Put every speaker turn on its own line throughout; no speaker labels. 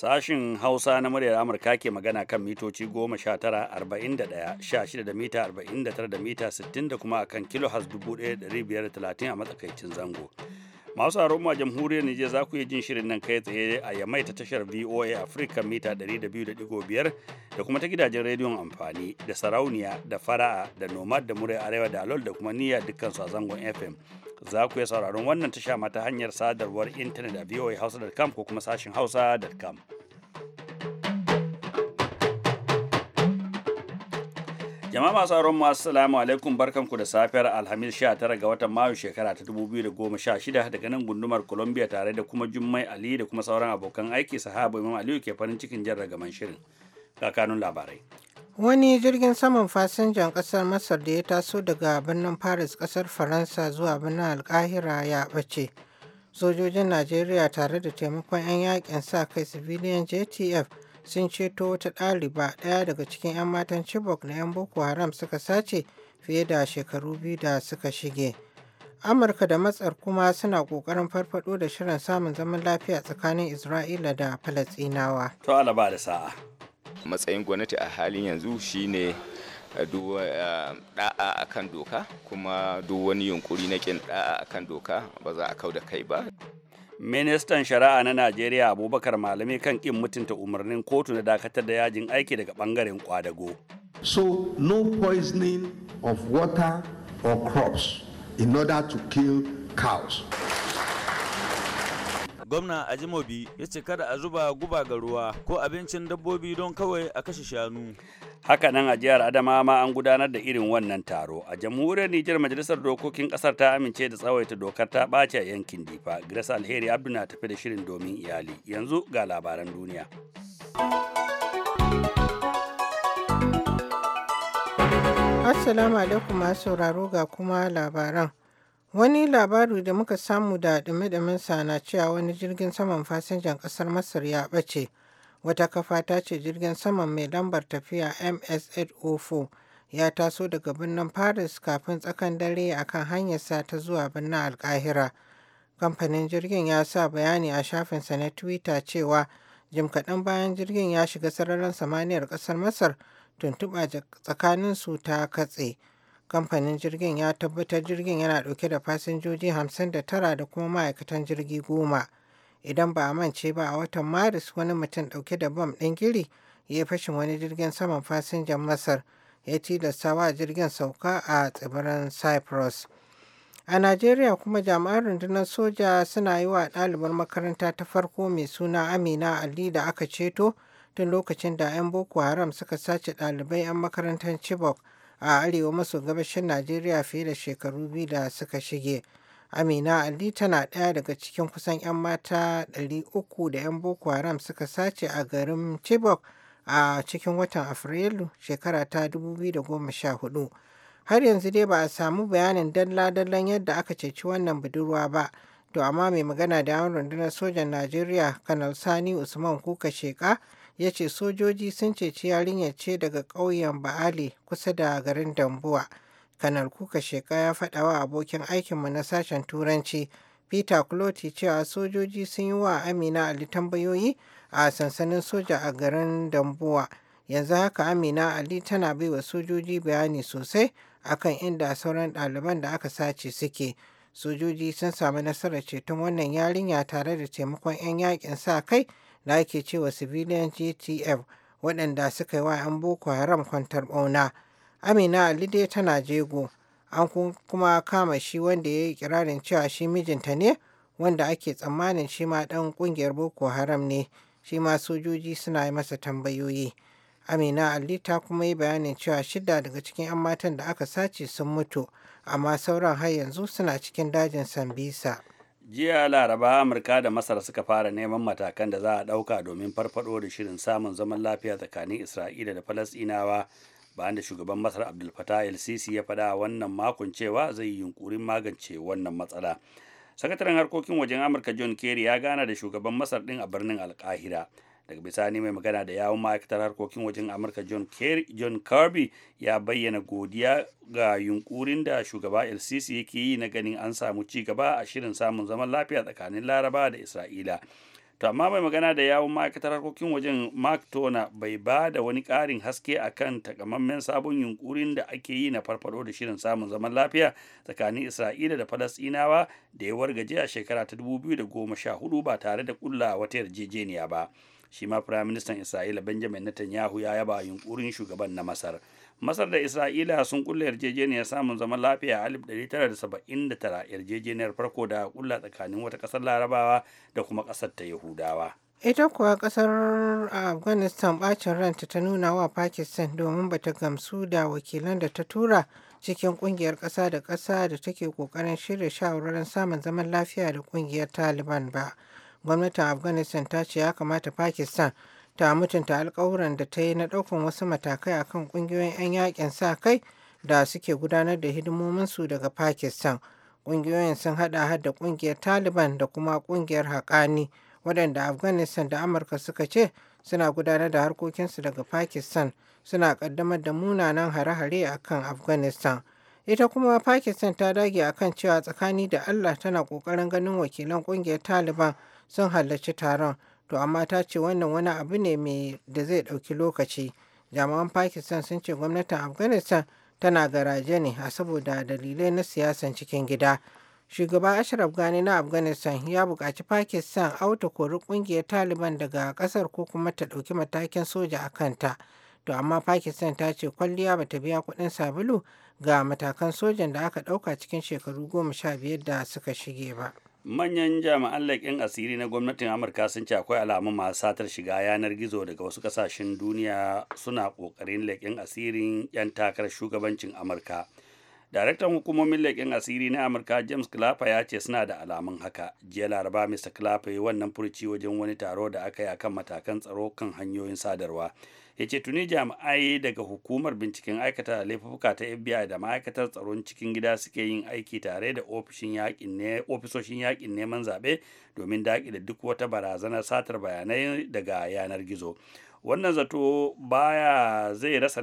Sashin Hausa na muryar Amurka ke magana kan mitoci 19-41-16 da mita 49 da mita 60 da kuma akan da 1530 a matsakaicin zango. Masu haron a jamhuriyar Nijar za ku iya jin shirin nan kai tsaye a yamai ta tashar VOA Africa mita 200.5 da kuma ta gidajen rediyon amfani da sarauniya da fara'a da nomad da murai arewa da alol da kuma niyya dukkan su a zangon FM. za ku iya sauraron wannan tasha ma ta hanyar sadarwar intanet a voahausa.com ko kuma sashin hausa.com. Jama'a masu auren mu assalamu alaikum barkanku da safiyar Alhamis 19 ga watan Mayu shekara ta 2016 daga nan gundumar Columbia tare da kuma Jummai Ali da kuma sauran abokan aiki sahabu Imam Aliyu ke farin cikin jan ragaman shirin. Kakanun labarai.
Wani jirgin saman fasinjan ƙasar Masar da ya taso daga birnin Paris ƙasar Faransa zuwa birnin Alkahira ya ɓace. Sojojin Najeriya tare da taimakon 'yan yakin sa kai civilian JTF sun ceto wata ɗaliba ɗaya daga cikin 'yan matan Chibok na 'yan Boko Haram suka sace fiye da shekaru biyu da suka shige. Amurka da matsar kuma suna ƙoƙarin farfado da shirin samun zaman lafiya tsakanin Isra'ila da Falasɗinawa.
To alaba da sa'a. matsayin gwamnati a halin yanzu shine eh, eh, da'a a kan doka kuma duk wani yunkuri na kin da'a a kan doka ba za a kau da kai ba
ministan shari'a na najeriya abubakar malami kan kin mutunta umarnin kotu na dakatar da yajin aiki daga bangaren kwadago
so no poisoning of water or crops in order to kill cows
gwamna ajimobi ya ce kada a zuba guba ga ruwa ko abincin dabbobi don kawai a
kashe shanu hakanan a jihar adama ma an gudanar da irin wannan taro a jamhuriyar nijar majalisar dokokin kasar ta amince da tsawaita dokar ta ɓace a yankin difa grace alheri abdu na tafi da shirin domin iyali yanzu ga labaran duniya
assalamu alaikum masu sauraro ga kuma labaran Wani labari da muka samu da dumi-duminsa na cewa wani jirgin saman fasinjan ƙasar Masar ya ɓace. Wata kafa ta ce jirgin saman mai lambar tafiya MS-804 ya taso daga birnin Paris kafin tsakan dare a kan hanyarsa ta zuwa birnin Alkahira. Kamfanin jirgin ya sa bayani a shafinsa na Twitter cewa jim kaɗan bayan jirgin ya shiga sararin samaniyar ƙasar Masar tuntuɓa tsakaninsu ta katse. kamfanin jirgin ya tabbatar jirgin yana dauke da fasinjoji 59 da kuma ma'aikatan jirgi goma idan ba a mance ba a watan maris wani mutum dauke da bam ɗin giri ya fashin wani jirgin saman fasinjan masar ya tilasta wa jirgin sauka a tsibirin cyprus a najeriya kuma jami'an rundunar soja suna yi wa ɗalibar makaranta ta farko mai suna amina ali da aka ceto tun lokacin da 'yan boko haram suka sace ɗalibai 'yan makarantar chibok a arewa maso gabashin Najeriya fiye da shekaru biyu da suka shige. Amina Ali tana ɗaya daga cikin kusan 'yan mata 300 da 'yan Boko Haram suka sace a garin Chibok a cikin watan Afrilu shekara ta 2014. Har yanzu dai ba a samu bayanin dalla-dallan yadda aka ceci wannan budurwa ba, to amma mai magana da yawan rundunar sojan Najeriya, Kanal Sani Usman Kuka Sheka ya ce sojoji sun ceci yarinyar ce daga ƙauyen Ba'ali kusa da garin dambuwa kanar kuka sheka ya faɗa wa abokin aikinmu na sashen turanci peter Kloti cewa sojoji sun yi wa amina ali tambayoyi a sansanin soja a garin dambuwa yanzu haka amina ali tana bai wa sojoji bayani sosai akan inda sauran ɗaliban da aka sace suke sojoji sun samu nasarar ceton wannan yarinya tare da taimakon 'yan yakin sa kai da ake cewa civilian gtf waɗanda suka yi wa 'yan boko haram kwantar ɓauna amina ali dai tana jego an kuma kama shi wanda ya yi kirarin cewa shi mijinta ne wanda ake tsammanin shi ma ɗan ƙungiyar boko haram ne shi ma sojoji suna yi masa tambayoyi amina ali ta kuma yi bayanin cewa shida daga cikin 'yan matan da aka sace sun mutu amma sauran har yanzu suna cikin dajin sambisa
jiya laraba amurka da masar suka fara neman matakan da za a ɗauka domin farfaɗo da shirin samun zaman lafiya tsakanin isra'ila da falasɗinawa bayan da shugaban masar abdul fatah el sisi ya faɗa wannan makon cewa zai yi yunkurin magance wannan matsala sakataren harkokin wajen amurka john kerry ya gana da shugaban masar ɗin a birnin alkahira daga bisani mai magana da yawon ma'aikatar harkokin wajen amurka john kirby ya bayyana godiya ga yunkurin da shugaba lcc yake yi na ganin an samu ci gaba a shirin samun zaman lafiya tsakanin laraba da isra'ila to amma mai magana da yawun ma'aikatar harkokin wajen mark tona bai ba da wani ƙarin haske a kan takamammen sabon yunkurin da ake yi na farfado da shirin samun zaman lafiya tsakanin isra'ila da falasɗinawa da ya wargaje a shekara ta 2014 ba tare da ƙulla wata yarjejeniya ba shi ma firaministan isra'ila benjamin netanyahu ya yaba yunkurin shugaban na masar masar da isra'ila sun kulle yarjejeniyar samun zaman lafiya a 1979 yarjejeniyar farko da kulla tsakanin wata kasar larabawa da kuma kasar ta yahudawa
ita kuwa kasar afghanistan bacin ranta ta nuna wa pakistan domin bata gamsu da wakilan da ta tura cikin kungiyar kasa da kasa da take kokarin shirya shawararin samun zaman lafiya da kungiyar taliban ba. gwamnatin afghanistan ta ce ya kamata pakistan ta mutunta alkawuran da ta yi na ɗaukan wasu matakai akan ƙungiyoyin 'yan yakin sa kai da suke gudanar da hidimominsu daga pakistan ƙungiyoyin sun haɗa da ƙungiyar taliban da kuma ƙungiyar haƙani waɗanda afghanistan da amurka suka ce suna gudanar da harkokinsu daga pakistan suna ƙaddamar da munanan hare-hare akan afghanistan ita kuma pakistan ta dage akan cewa tsakani da allah tana ƙoƙarin ganin wakilan ƙungiyar taliban sun halarci taron to amma ta ce wannan wani abu ne mai da zai ɗauki lokaci jami'an pakistan sun ce gwamnatin afghanistan tana garaje ne a saboda dalilai na siyasan cikin gida shugaba ashraf gani na afghanistan ya buƙaci pakistan auta kori ƙungiyar taliban daga ƙasar ko kuma ta ɗauki matakin soja a kanta to amma pakistan ta ce kwalliya bata biya kuɗin sabulu ga matakan sojan da aka ɗauka cikin shekaru goma sha biyar da suka shige ba
manyan jami'an laƙin asiri na gwamnatin amurka sun ce akwai alamun masu satar shiga yanar gizo daga wasu ƙasashen duniya suna ƙoƙarin laƙin asirin 'yan takarar shugabancin amurka daraktan hukumomin laƙin asiri na amurka james clapper ya ce suna da alamun haka jiya laraba mr clapper wannan furuci wajen wani taro da aka yi akan matakan tsaro kan hanyoyin sadarwa ya ce tuni jami'ai daga hukumar binciken aikata laifuka ta fbi da ma'aikatar tsaron cikin gida suke yin aiki tare da ofisoshin yakin neman zaɓe domin daƙi da duk wata barazanar satar bayanai daga yanar gizo wannan zato ba zai rasa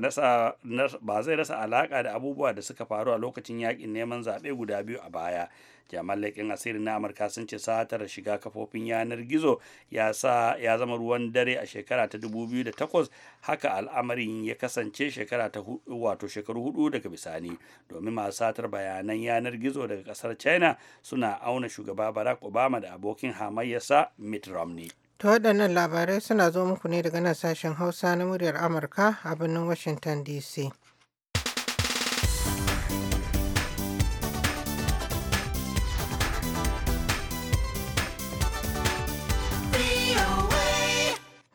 alaƙa da abubuwa da suka faru a lokacin yakin neman zaɓe guda biyu a baya jami'an laƙin asirin na amurka sun ce satar shiga kafofin yanar gizo ya ya zama ruwan dare a shekara ta 2008 haka al'amarin ya kasance shekara ta wato shekaru hudu daga bisani domin masu satar bayanan yanar gizo daga kasar china suna auna shugaba barack obama da abokin hamayyarsa mitt romney
To waɗannan labarai suna zo muku ne daga nan sashen Hausa na muryar Amurka a birnin Washington DC.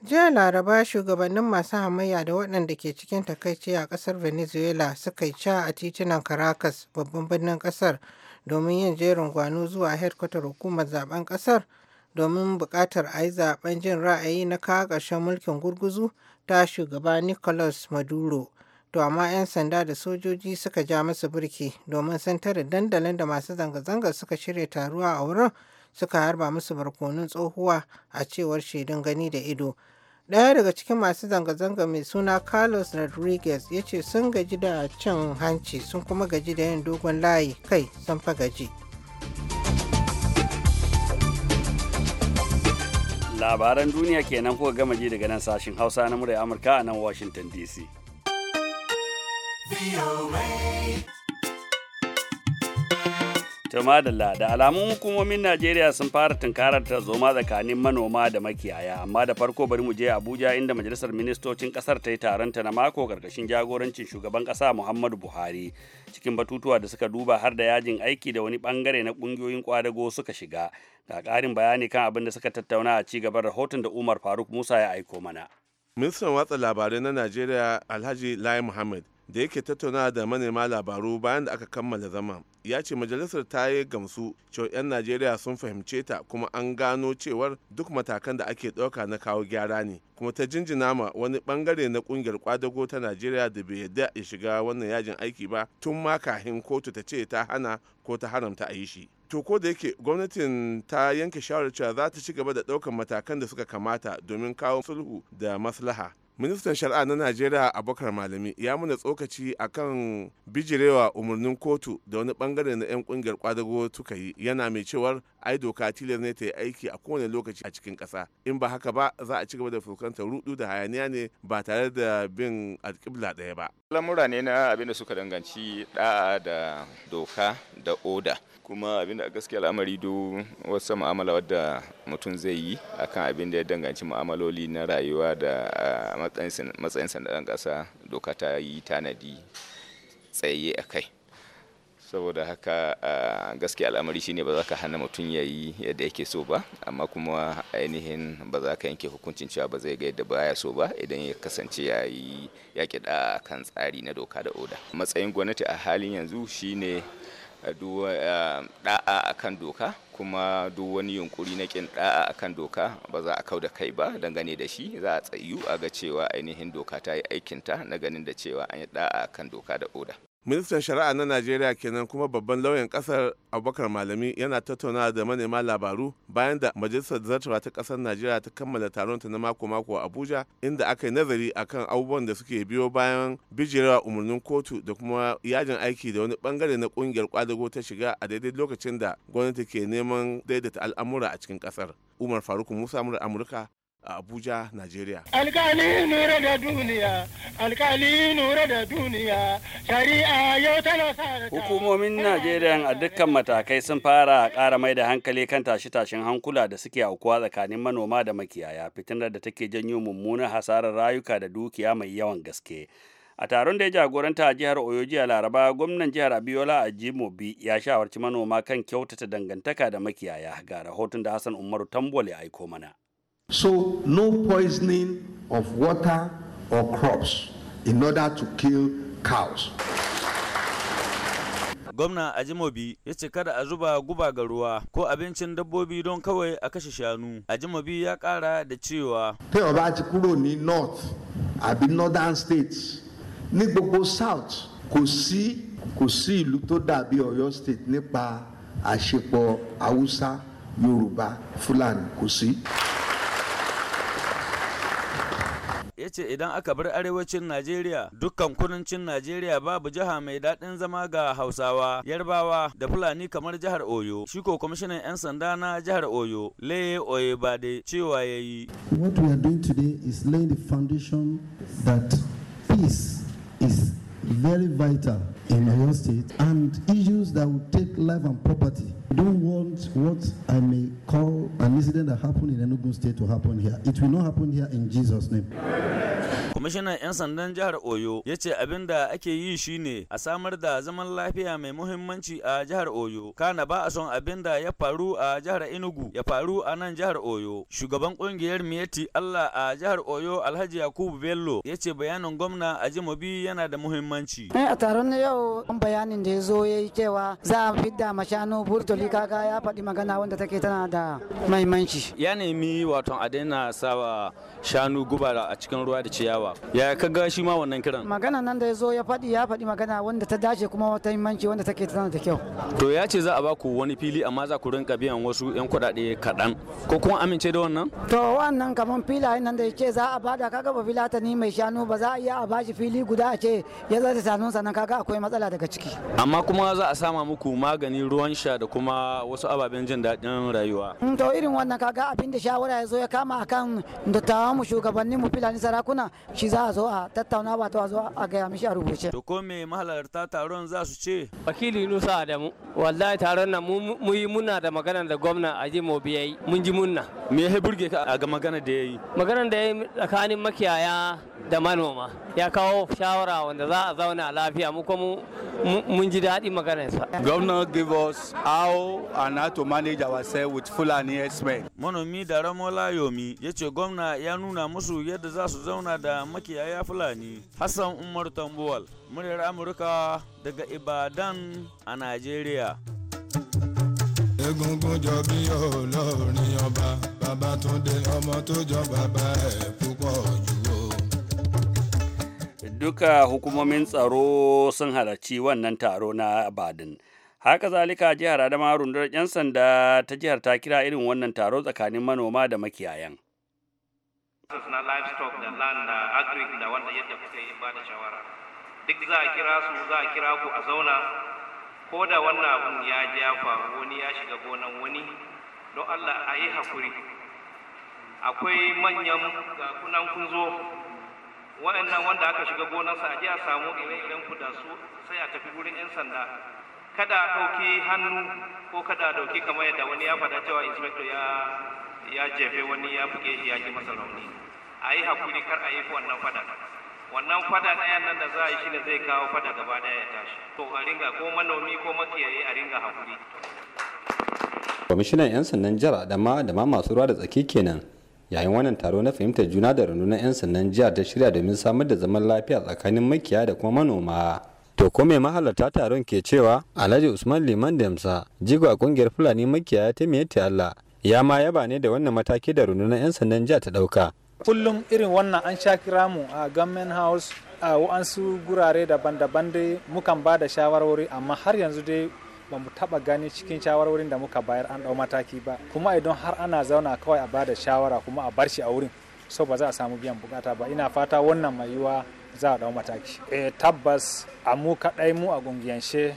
jiya laraba shugabannin masu hamayya da waɗanda ke cikin takaici a ƙasar venezuela suka yi ca a titunan caracas babban birnin ƙasar domin yin jerin gwano zuwa hedkwatar hukumar zaben ƙasar domin buƙatar a yi zaben jin ra'ayi na kawo ƙarshen mulkin gurguzu ta shugaba Nicolas Maduro. To amma 'yan sanda da sojoji suka ja masa birki domin sun tare dandalin da masu zanga-zanga suka shirya taruwa a wurin suka harba musu barkonun tsohuwa a cewar shaidun gani da ido. Ɗaya daga cikin masu zanga-zanga mai suna Carlos Rodriguez ya ce sun gaji da cin hanci sun kuma gaji da yin dogon layi kai sun fa gaji.
labaran duniya kenan kuka gama ji daga nan sashin hausa na murya amurka a nan washington dc To madalla da alamun hukumomin Najeriya sun fara tunkarar tarzoma tsakanin manoma da makiyaya amma da farko bari mu je Abuja inda majalisar ministocin kasar ta yi taronta na mako karkashin jagorancin shugaban kasa Muhammadu Buhari cikin batutuwa da suka duba har da yajin aiki da wani bangare na kungiyoyin kwadago suka shiga ga karin bayani kan abin da suka tattauna a ci gaban rahoton da Umar Faruk Musa ya aiko mana.
ministan watsa labarai na najeriya alhaji lai muhammad da yake tattauna da manema labaru bayan da aka kammala zama ya ce majalisar ta yi gamsu cewa 'yan najeriya sun fahimce ta kuma an gano cewar duk matakan da ake ɗauka na kawo gyara ne kuma ta jinjina ma wani bangare na kungiyar kwadago ta najeriya da bai yadda ya shiga wannan yajin aiki ba tun ma kahin kotu ta ce ta hana ko ta haramta a yi shi to ko da yake gwamnatin ta yanke shawarar cewa za ta ci gaba da ɗaukar matakan da suka kamata domin kawo sulhu da maslaha ministan shari'a na najeriya bakar malami ya muna tsokaci akan bijirewa umarnin kotu da wani bangare na 'yan kungiyar kwadago tuka yi yana mai cewar ai doka tilar ne ta yi aiki a kowane lokaci a cikin ƙasa in ba haka ba za a ci gaba da fuskantar rudu da hayaniya ne ba tare da
bin alƙibla ɗaya ba lamura ne na abin suka danganci da'a da doka da oda kuma abin da gaskiya al'amari do wasu mu'amala wadda mutum zai yi akan abin da ya danganci mu'amaloli na rayuwa da matsayin sandan ƙasa doka ta yi tanadi tsaye a kai saboda haka gaskiya al'amari shine ba za ka hana mutum ya yi yadda yake so ba amma kuma ainihin ba za ka yanke hukuncin cewa ba zai ga yadda baya so ba idan ya kasance ya yi ya kiɗa kan tsari na doka da oda matsayin gwamnati a halin yanzu shine Eh, da'a a akan doka kuma duk wani yunkuri na kin da'a akan doka ba za a kau da kai ba dangane da shi za a tsayu a ga cewa ainihin doka ta yi aikinta na ganin da cewa an yi da'a akan doka da oda
ministan shari'a na najeriya kenan kuma babban lauyan kasar abubakar malami yana tattaunawa da manema labaru bayan da majalisar zartawa ta kasar najeriya ta kammala taronta na mako-mako a abuja inda aka yi nazari akan abubuwan da suke biyo bayan bijirewa umarnin kotu da kuma yajin aiki da wani bangare na kungiyar kwadago ta shiga a daidai lokacin da gwamnati ke neman daidaita al'amura a cikin kasar umar faruk musa amurka a abuja nigeria
alkali nura da duniya alkali nura da duniya shari'a yau tana sa
hukumomin
najeriya a dukkan matakai sun fara ƙara mai da hankali kan tashe-tashen hankula da suke aukuwa tsakanin manoma da makiyaya fitinar da take janyo mummunan hasarar rayuka da dukiya mai yawan gaske a taron da ya jagoranta a jihar oyo jiya laraba gwamnan jihar abiola ajimobi ya shawarci manoma kan kyautata dangantaka da makiyaya ga rahoton da hassan umaru tambole aiko mana
So, no poisoning of water or crops
in order to kill
cows. gwamna
ajimobi ya ce kada a zuba guba ga ruwa ko abincin dabbobi don kawai a kashe shanu ajimobi ya kara da cewa
tẹ́wọ̀ bá ti kúrò ní north àbí northern states ní gbogbo south kò sí kò sí ìlú tó dàbí ọ̀yọ́ state nípa
àṣepọ̀ haúsá yorùbá fúlàní kò sí.
ce idan aka bar arewacin Najeriya dukkan kudancin Najeriya babu jiha mai daɗin zama ga Hausawa, Yarbawa da Fulani kamar jihar Oyo. Shi ko kwamishinan 'yan sanda na jihar Oyo, Leye da cewa ya yi.
What we are doing today is laying the foundation that peace is very vital in Oyo State and issues that will take life and property. We don't want what I may call an incident that happened in Enugu State to happen here. It will not happen here in Jesus' name.
Kwamishinan 'yan sandan jihar Oyo ya ce abin da ake yi shine a samar da zaman lafiya mai muhimmanci a jihar Oyo. Kana ba a son abin da ya faru a jihar Enugu ya faru a nan jihar Oyo. Shugaban kungiyar Miyetti Allah a jihar Oyo Alhaji Yakubu Bello ya ce bayanin gwamna a Jimobi yana da muhimmanci. muhimmanci.
Eh, a taron na yau an bayanin da ya zo ya yi cewa za a fidda mashanu burtoli kaga ya faɗi magana wanda take tana da
muhimmanci. ya nemi wato a daina sawa shanu guba a cikin ruwa da ciyawa ya kaga shi ma wannan kiran.
magana nan da ya zo ya faɗi ya faɗi magana wanda ta dace kuma wata muhimmanci wanda take tana da kyau.
to ya ce za a ba ku wani fili amma za ku rinka biyan wasu 'yan kuɗaɗe kaɗan ko kuma amince da wannan.
to wannan kamar filayen nan da ya ce za a bada kaga ba filata ni mai shanu ba za a iya a bashi fili guda a ce ya za ta sami sannan kaga akwai matsala daga ciki
amma kuma za a sama muku magani ruwan sha da kuma wasu ababen jin daɗin rayuwa
mm, to irin wannan kaga abin da shawara ya zo ya kama akan dattawan mu shugabannin mu filani sarakuna shi za a zo a tattauna ba to a zo a gaya mishi a rubuce to
ko me mahalarta taron za su ce wakili Nusa Adamu wallahi taron nan mu yi muna da magana da gwamna Aji Mobi yayi mun ji munna me ya burge ka a ga magana da ya yi maganar da ya yi tsakanin makiyaya da manoma ya kawo shawara wanda za a zauna lafiya mu kuma mun ji daɗi maganarsa governor give us how and how to manage ourselves with fulani herdsmen manomi da ramola yomi ya ce gwamna ya nuna musu yadda za su zauna da makiyaya fulani hassan umar tambuwal muryar amurka daga ibadan a najeriya
egungun jọ bí olórin ọba
dé ọmọ tó jọ bàbá ẹ̀ púpọ̀ jù o.
duka hukumomin tsaro sun halarci wannan taro na Abadan. haka zalika jihar adama rundunar 'yan sanda ta jihar ta kira irin wannan taro tsakanin manoma da makiyayan
na livestock da land da agric da wanda yadda kuke
ba da shawara duk za a kira su za a kira ku a zauna ko da wannan abun ya ja faru wani ya shiga gonan wani don allah a yi haƙuri akwai manyan gafunan kun zo wa'annan wanda aka shiga gonarsa a ji a samu ire-iren da su sai a tafi wurin 'yan sanda kada a
ɗauki hannu ko kada a ɗauki kamar yadda wani ya fada cewa inspector ya ya jefe wani ya buge shi ya ji masa rauni Ayi yi haƙuri kar a yi wannan fada wannan
fada ɗayan nan da za a yi shi ne zai kawo fada gaba ɗaya ya tashi to a ringa ko manomi ko makiyayi a ringa hakuri
kwamishinan 'yan sandan jihar adama da ma masu ruwa da tsaki kenan yayin wannan taro na fahimtar juna da rundunar 'yan sandan jihar ta shirya domin samar da zaman lafiya tsakanin makiya da kuma manoma to ko mai mahalarta taron ke cewa alhaji usman liman damsa jigo a kungiyar fulani makiyaya ta ta allah ya ma yaba ne da wannan mataki da rundunar 'yan sandan jihar ta dauka
kullum irin wannan an sha kira mu a gamen house a wa'ansu gurare daban-daban dai mukan ba da shawarwari amma har yanzu dai ba mu taba gani cikin shawarwarin da muka bayar an dau mataki ba kuma idan har ana zauna kawai a ba da shawara kuma a bar shi a wurin so ba za a samu biyan bukata ba ina fata wannan mai yiwa za a dau mataki E tabbas a mu kadai mu a gungiyanshe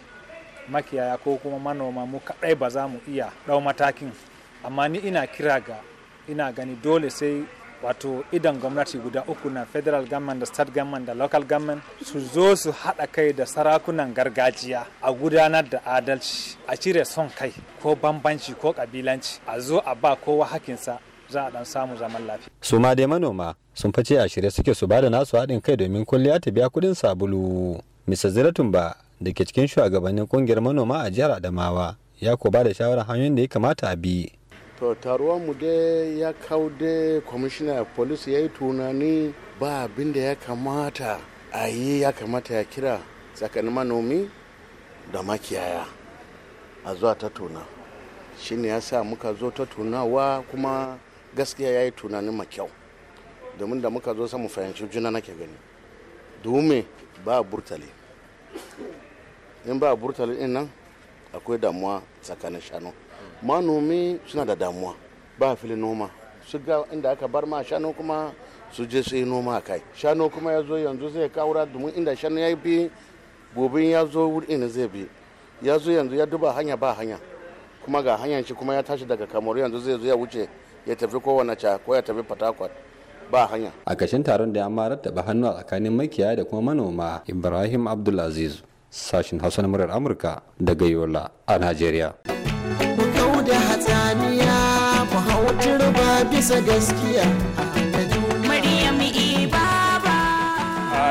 makiyaya ko kuma manoma mu kadai ba za mu iya ɗau matakin amma ni ina kira ga ina gani dole sai wato idan gwamnati guda uku na federal government da state government da local government su zo su haɗa kai da sarakunan gargajiya a gudanar da adalci a cire son kai ko bambanci ko kabilanci a zo a ba kowa hakinsa za a dan samu zaman lafiya.
su ma dai manoma sun fice a shirye suke su ba da nasu haɗin kai domin kulliya ta biya kuɗin sabulu. Mr. Ziratun ba da ke cikin shugabannin kungiyar manoma a jihar Adamawa ya ko ba da shawarar hanyoyin da ya kamata a bi
to mu dai ya kawo dai kwamishina polisi ya yi tunani ba abin da ya kamata a yi ya kamata ya kira tsakanin manomi da makiyaya a zuwa ta tuna ne ya sa muka zo ta tunawa kuma gaskiya ya yi tunanin makyau domin da muka zo samu fahimci juna nake gani dume ba burtali in ba burtali in nan akwai damuwa tsakanin shanu manomi suna da damuwa ba fili noma su ga inda aka bar ma shanu kuma su je su yi noma a kai shanu kuma ya zo yanzu zai kawura domin inda shanu ya bi gobe ya zo wurin zai bi ya zo yanzu ya duba hanya ba hanya kuma ga hanyar shi kuma ya tashi daga kamaru yanzu zai zo ya wuce ya tafi kowane ca ko ya tafi fatakwal ba hanya
a kashin taron da ya ma rattaba hannu a tsakanin makiyaya da kuma manoma ibrahim abdulaziz sashin hausa na murar amurka daga yola a najeriya
bisa gaskiya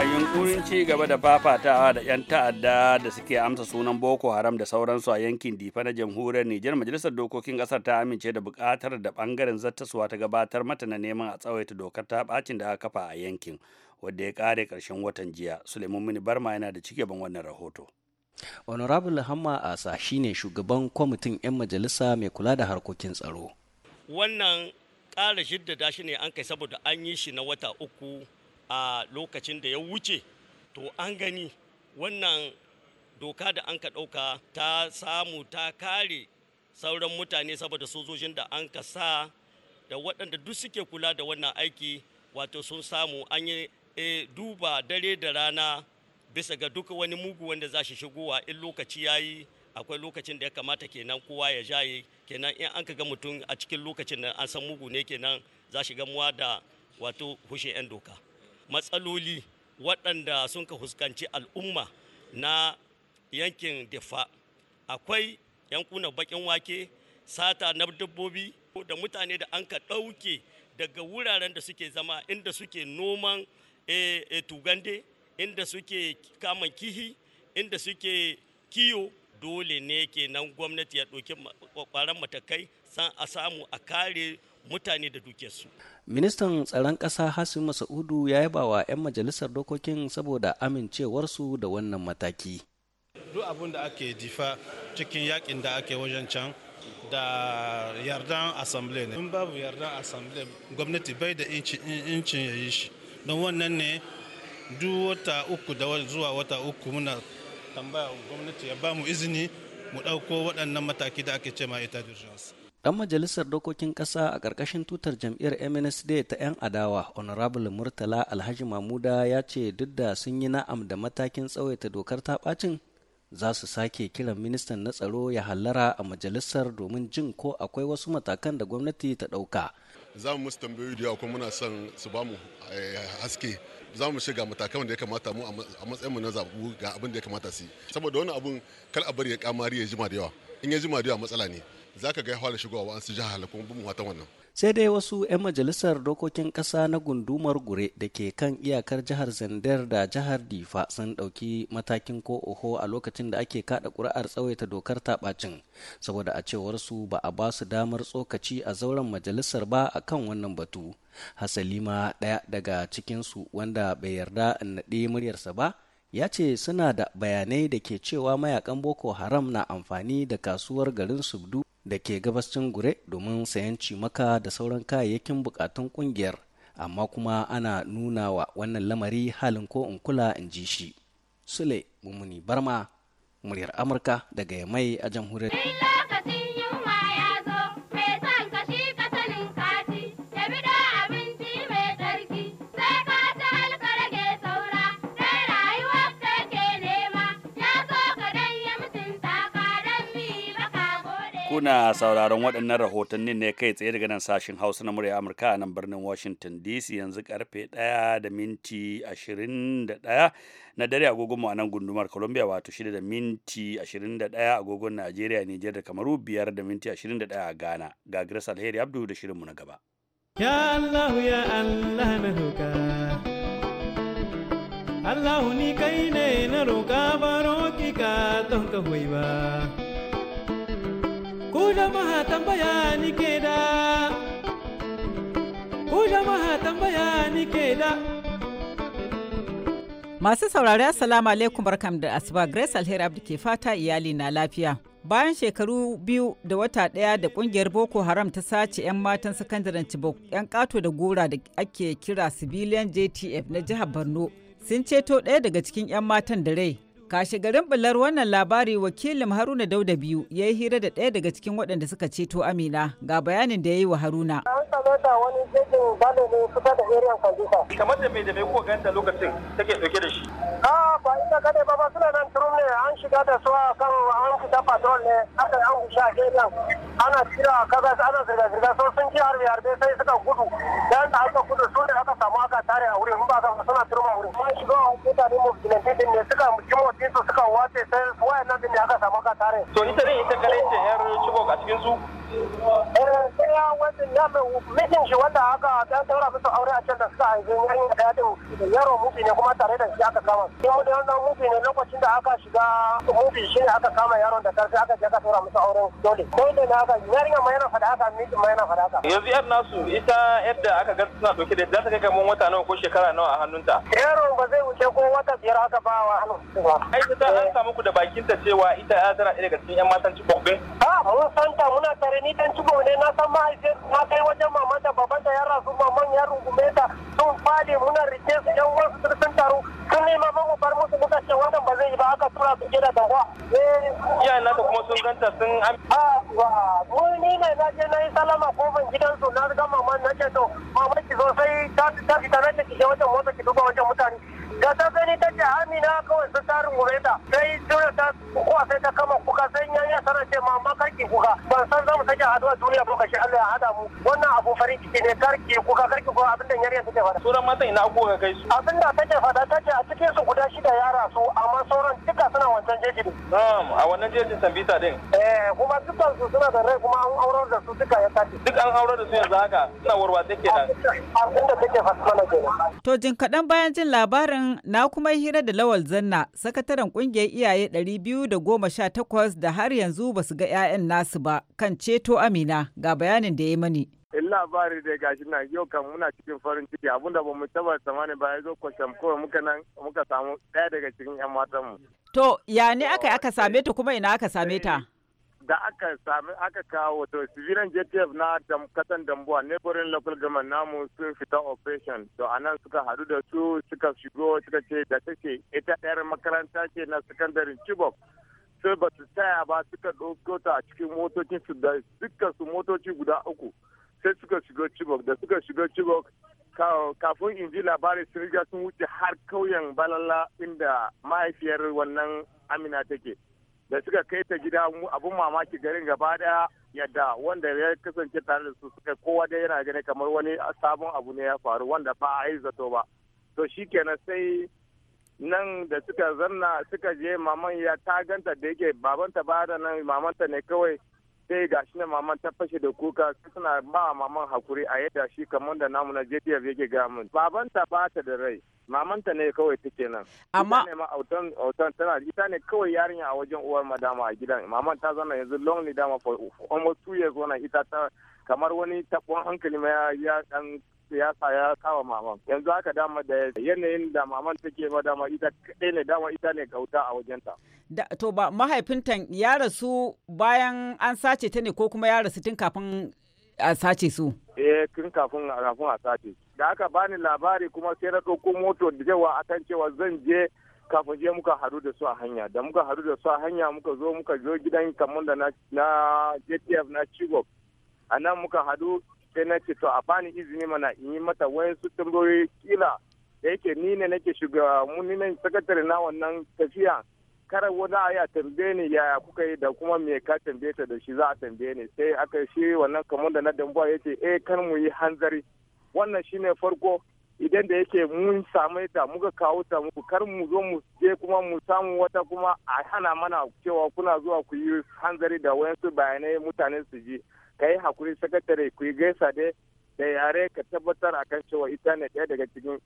yunkurin ci gaba da fafatawa da 'yan ta'adda da suke amsa sunan Boko Haram da sauransu a yankin Difa na jamhuriyar Nijar majalisar dokokin kasar ta amince da bukatar da bangaren zattasuwa ta gabatar mata na neman a tsawaita dokar ta bacin da aka kafa a yankin wadda ya kare karshen watan jiya Suleiman Mini Barma yana da cike ban wannan rahoto
Honorable Hamma Asa shine shugaban kwamitin 'yan majalisa mai kula da harkokin tsaro.
Wannan
ƙara shiddada shi ne an kai saboda an yi shi na wata uku a lokacin da ya wuce to an gani wannan doka da an ka ɗauka ta samu ta kare sauran mutane saboda sojojin da an ka sa da waɗanda duk suke kula da wannan aiki wato sun samu an yi e, duba dare da rana bisa ga duka wani mugu wanda za shi shigowa in lokaci ya yi akwai lokacin da ya kamata kenan kowa ya jaye kenan in an ga mutum a cikin lokacin nan an san mugu ne kenan za shi gamuwa da wato hushe 'yan doka matsaloli waɗanda sun ka huskanci al'umma na yankin defa akwai yankunan bakin wake sata na dabbobi da mutane da an ka ɗauke daga wuraren da suke zama inda suke noman e, tugande inda suke kaman kihi inda suke kiyo dole ne ke nan gwamnati ya ɗauki kwakwaran matakai san a samu a kare mutane da
dukiyarsu.
Ministan tsaron ƙasa Hasim Masaudu ya yaba wa 'yan majalisar dokokin saboda amincewarsu da wannan mataki.
Duk abin da ake difa cikin yakin da ake wajen can da yardan asamble ne. In babu yardan asamble gwamnati bai da incin ya yi shi. Don wannan ne duk wata uku da zuwa wata uku muna tambaya gwamnati ya ba mu izini mu ɗauko waɗannan mataki da ake ce ma ita d'urgence.
Dan majalisar dokokin ƙasa a ƙarƙashin tutar jam'iyyar MNSD ta 'yan adawa Honorable Murtala Alhaji Mamuda ya ce duk da sun yi na'am da matakin tsawaita dokar ta ɓacin za su sake kiran ministan na tsaro ya hallara a majalisar domin jin ko akwai wasu matakan da gwamnati ta ɗauka.
Za mu musu tambayoyi da yawa kuma muna son su ba mu eh, haske za mu shiga matakan da ya kamata mu a mu na zabu ga abin da ya kamata su saboda wani abun kar a bari ya kamari ya jima da yawa in ya jima da yawa matsala ne za ka ga ya da shigowa an jihar halakun bin watan wannan
sai dai wasu 'yan majalisar dokokin ƙasa na gundumar gure da ke kan iyakar jihar zandar da jihar difa sun ɗauki matakin ko oho a lokacin da ake kaɗa ƙuri'ar tsawaita dokar ta taɓacin saboda a cewar su ba a ba su damar tsokaci a zauren majalisar ba a kan wannan batu hasalima ɗaya daga cikinsu wanda bai yarda in naɗe muryarsa ba ya ce suna da bayanai da ke cewa mayakan boko haram na amfani da kasuwar garin subdu da ke gabas gabashin gure domin sayan cimaka da sauran kayayyakin bukatun kungiyar amma kuma ana nuna wa wannan lamari halin ko in kula in ji shi sule mumuni barma muryar amurka daga mai a jamhuriyar
kuna sauraron waɗannan rahotannin ne kai tsaye daga nan sashen hausa na murya amurka a nan birnin washington dc yanzu karfe 1 da minti 21 na dare agogon mu a nan gundumar columbia wato 6 da minti 21 agogon najeriya nijar da kamaru 5 da minti 21 a ghana ga grace alheri abdu da shirinmu na gaba
ya allahu ya allah na roka allahu ni kai ne na roka baro ki ka don ka ba ku jama'a tambaya ni ke da
ku jama'a
tambaya ni ke da
masu saurari assalamu alaikum barkam da asuba grace alheri abdi ke fata iyali na lafiya bayan shekaru biyu da wata ɗaya da ƙungiyar boko haram ta sace 'yan matan sakandaren chibok 'yan ƙato da gora da ake kira civilian jtf na jihar borno sun ceto ɗaya daga cikin 'yan matan da rai Kashe garin bular wannan labari wakilin Haruna Dauda biyu ya yi hira da ɗaya daga cikin waɗanda suka ceto Amina ga bayanin da ya yi wa Haruna. An same
A ba ba an shiga da su a kan an a ana tira kaza ana zirga-zirga sun ci harbe-harbe sai suka gudu. Dan da aka gudu su ne samu aka tare a wurin ba kan suna turma wurin kuma shiga mutane mu din ne suka mutum motsin su suka wace sai nan din ne aka samu aka tare to ita ne ita kare ce yar shigo a cikin su mijin shi wanda aka dan daura musu aure a can da suka haifi yarinya daya din yaro mufi ne kuma tare da shi aka kama shi mu da wannan mufi ne lokacin da aka shiga mufi shi ne aka kama yaron da karfi aka je aka daura musu aure. dole ko da na aka yarinya ma yana fada aka mijin ma yana fada haka. yanzu yar nasu ita yadda aka ga suna dauke da za ta kai kamar wata nawa ko shekara nawa a hannunta Yaron ba zai wuce ko wata biyar aka ba wa hannunta ba ai ta an samu ku da bakinta cewa ita ya tana daga cikin yan matan cikin a mun santa muna tare ni dan cigo ne na san mahaifiyar na kai wajen maman da baban da ya rasu maman ya rungume ta sun fade muna rike su yan wasu sun taru sun nema ba mu bar musu muka ce wannan ba zai yi ba aka tura su gida da wa eh iyayen naka kuma sun ganta sun a wa mun ni ne na je na yi salama kofin gidan su na ga maman na ce to maman ki zo sai ta ta fita na ce ki je ki duba wajen mutane da ta gani ta ce amina kawai su tarin ta sai jura ta kuwa sai ta kama kuka sai yanya tana ce kar karki kuka ban san zamu sake haduwa duniya ka kashi Allah ya hada mu wannan abu farin ciki ne karki kuka karki kuka abin da yarinya take fada suran matan ina ku ga kai su abin da take fada ta ce a cikin su guda shida yara su amma sauran duka suna wancan jeji ne na'am a wannan jejin sambisa din eh kuma dukkan su suna da rai kuma an aurar da su duka ya tace duk an aurar da su yanzu haka suna warwatse kenan abin da take
fada mana kenan to jin kadan bayan jin labarin na kuma hira da Lawal Zanna, sakataren kungiyar iyaye 218 da har yanzu ba su ga 'ya'yan nasu ba kan ceto Amina ga bayanin da ya mani.
in labari da gashi na yau kan muna cikin farin ciki abinda ba mu taba tsammani ba ya zo kwasham kawai muka nan muka samu ɗaya daga cikin 'yan matanmu.
To ya ne aka aka same ta kuma ina aka same ta?
da aka sami aka kawo wato civilian jtf na kasan dambuwa neighboring local government namu sun fita operation to anan suka hadu da su suka shigo suka ce da take ita ɗayar makaranta ce na secondary chibok sai ba su tsaya ba suka ɗauko ta a cikin motocin su da suka su motoci guda uku sai suka shigo chibok da suka shigo chibok kafin in ji labari sun riga sun wuce har kauyen balala inda mahaifiyar wannan amina take da suka kai ta gida abun mamaki garin gaba daya yadda wanda ya kasance tare da su suka kowa dai yana gani kamar wani sabon abu ne ya faru wanda ba a yi zato ba to shi kenan sai nan da suka zanna suka je maman ya ta ganta da yake babanta ba da nan mamanta ne kawai sai ga shi na maman ta fashe da kuka sai suna ba maman hakuri a yadda shi kamar da namu na JTF yake ga mun babanta ba ta da rai mamanta ne kawai take nan amma ne ma autan autan tana ita ne kawai yarinya a wajen uwar madama a gidan maman ta zana yanzu long ne dama for almost two years wannan ita ta kamar wani tabon hankali ma ya dan siyasa ya kawo maman yanzu haka dama da yanayin da maman take ba dama ita kaɗai ne dama ita ne kauta a wajenta.
to ba mahaifinta ya rasu bayan an sace ta ne ko kuma ya rasu tun kafin a sace su. Eh tun kafin kafin a sace.
Da aka bani labari kuma sai na ɗauko moto da a akan cewa zan je kafin je muka haɗu da su a hanya da muka haɗu da su a hanya muka zo muka zo gidan kamar da na JTF na Chibok. a nan muka haɗu sai na ce to a bani izini mana in yi mata wayansu tambayoyi kila da yake ni ne nake shiga ni ne sakatare na wannan tafiya kar wani ya tambaye ni yaya kuka yi da kuma me ka tambaye ta da shi za a tambaye ni sai aka shi wannan kamar da na dambuwa ya ce eh kan mu yi hanzari wannan shine farko idan da yake mun samu ta muka kawo ta muku kar mu zo mu je kuma mu samu wata kuma a hana mana cewa kuna zuwa ku yi hanzari da wayansu bayanai mutane su ji ka yi hakuri sakatare ku yi gaisa dai da yare ka tabbatar a kan cewa ita ne ɗaya daga cikin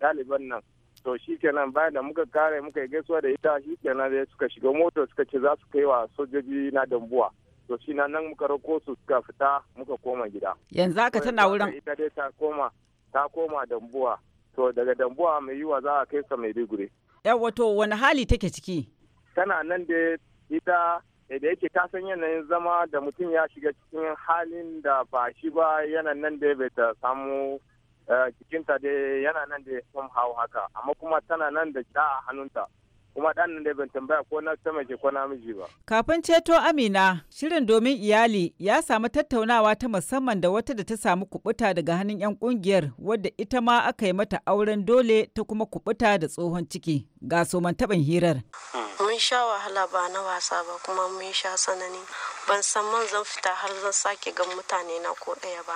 ɗaliban nan to shi kenan bayan da muka kare muka yi gaisuwa da ita shi kenan dai suka shiga mota suka ce za su kai wa sojoji na dambuwa to shi na nan muka rako su suka fita muka koma gida
yanzu aka tana wurin
ita dai ta koma ta koma dambuwa to daga dambuwa mai yiwa za a kai sa maiduguri
yawa to wani hali take ciki
tana nan da ita Eh, da yake san yanayin zama da mutum ya shiga cikin halin da ba shi ba yana nan da bai ta samu eh, jikinta da yana nan da somehow haka amma kuma tana nan da ja a hannunta kuma dan da ban tambaya ko na sama ke ko namiji ba.
Kafin ceto Amina, shirin domin iyali ya samu tattaunawa ta musamman da wata da ta samu kubuta daga hannun 'yan kungiyar wadda ita ma aka yi mata auren dole ta kuma kubuta da tsohon ciki ga soman taɓin hirar. Mun sha wahala ba na wasa ba kuma mun sha sanani. Ban san man zan fita har zan sake ga mutane na ko ɗaya ba.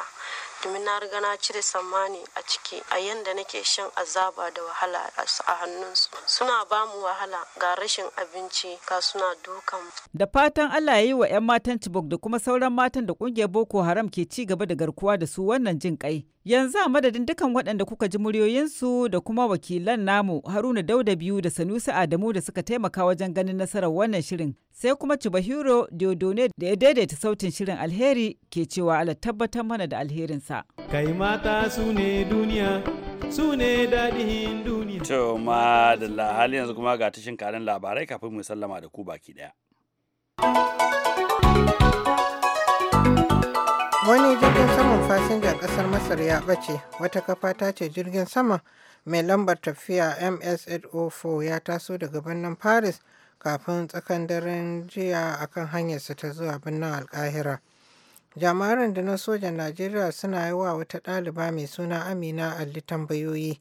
domin na riga na cire tsammani a ciki a yanda nake shan azaba da wahala a hannunsu suna ba mu wahala ga rashin abinci ga suna dukan da fatan Allah ya yi wa 'yan matan Chibok da kuma sauran matan da kungiyar Boko Haram ke ci gaba da garkuwa da su wannan jin kai Yanzu a madadin dukan waɗanda kuka ji muryoyinsu da kuma wakilan namu Haruna Dauda biyu da Sanusi Adamu da suka taimaka wajen ganin nasarar wannan shirin. Sai kuma Cibahiro Diodone da ya daidaita sautin shirin alheri ke cewa ala tabbatar mana da alherinsa.
Kai
mata su ne duniya, su ne daɗin
duniya. To ma da hali yanzu kuma ga tashin karin labarai kafin mu sallama da ku baki ɗaya.
Wani jirgin saman fasinjan ƙasar Masar ya ɓace wata kafa ta ce jirgin sama mai lambar tafiya ms 4 ya taso daga birnin Paris kafin tsakan daren jiya akan hanyarsa ta zuwa birnin Alkahira. Jama'ar rundunar sojan Najeriya suna yi wa wata ɗaliba mai suna Amina Alli tambayoyi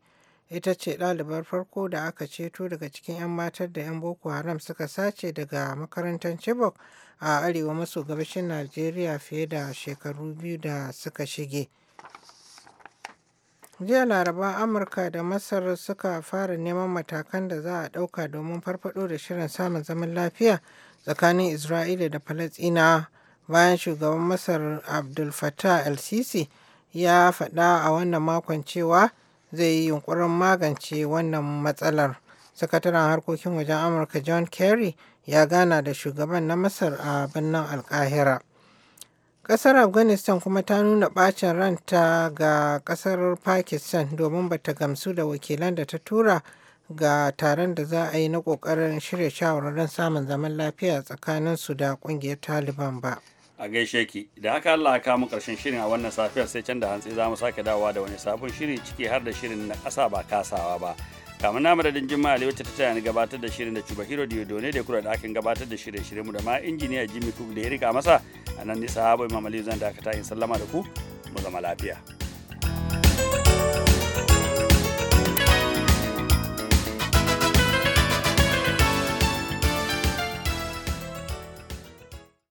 ita ce ɗalibar farko da aka ceto daga cikin 'yan matar da 'yan boko haram suka sace daga makarantar chibok a arewa maso gabashin najeriya fiye da shekaru biyu da suka shige jiya laraba amurka da masar suka fara neman matakan da za a ɗauka domin farfado da shirin samun zaman lafiya tsakanin isra'ila da falasina bayan shugaban masar abdul fattah el sisi ya faɗa a wannan makon cewa zai yi yunkurin magance wannan matsalar. Sakataren harkokin wajen Amurka John Kerry ya gana da shugaban na Masar a birnin Alkahira. Kasar Afghanistan kuma ta nuna bacin ranta ga kasar Pakistan domin bata gamsu da wakilan da ta tura ga taron da za a yi na kokarin shirya shawararren samun zaman lafiya tsakaninsu da kungiyar Taliban ba.
a gaishe ki da haka Allah ka mu karshen shirin a wannan safiyar sai can da hantsi za mu sake dawowa da wani sabon shiri ciki har da shirin na kasa ba kasawa ba kamar na madadin jima'a ali wacce ta taya ni gabatar da shirin da cuba hero diyo ne da kura da akin gabatar da shirin shirin mu da ma injiniya jimmy cook da ya rika masa a nan nisa habu mamali zan dakata in sallama da ku mu zama lafiya.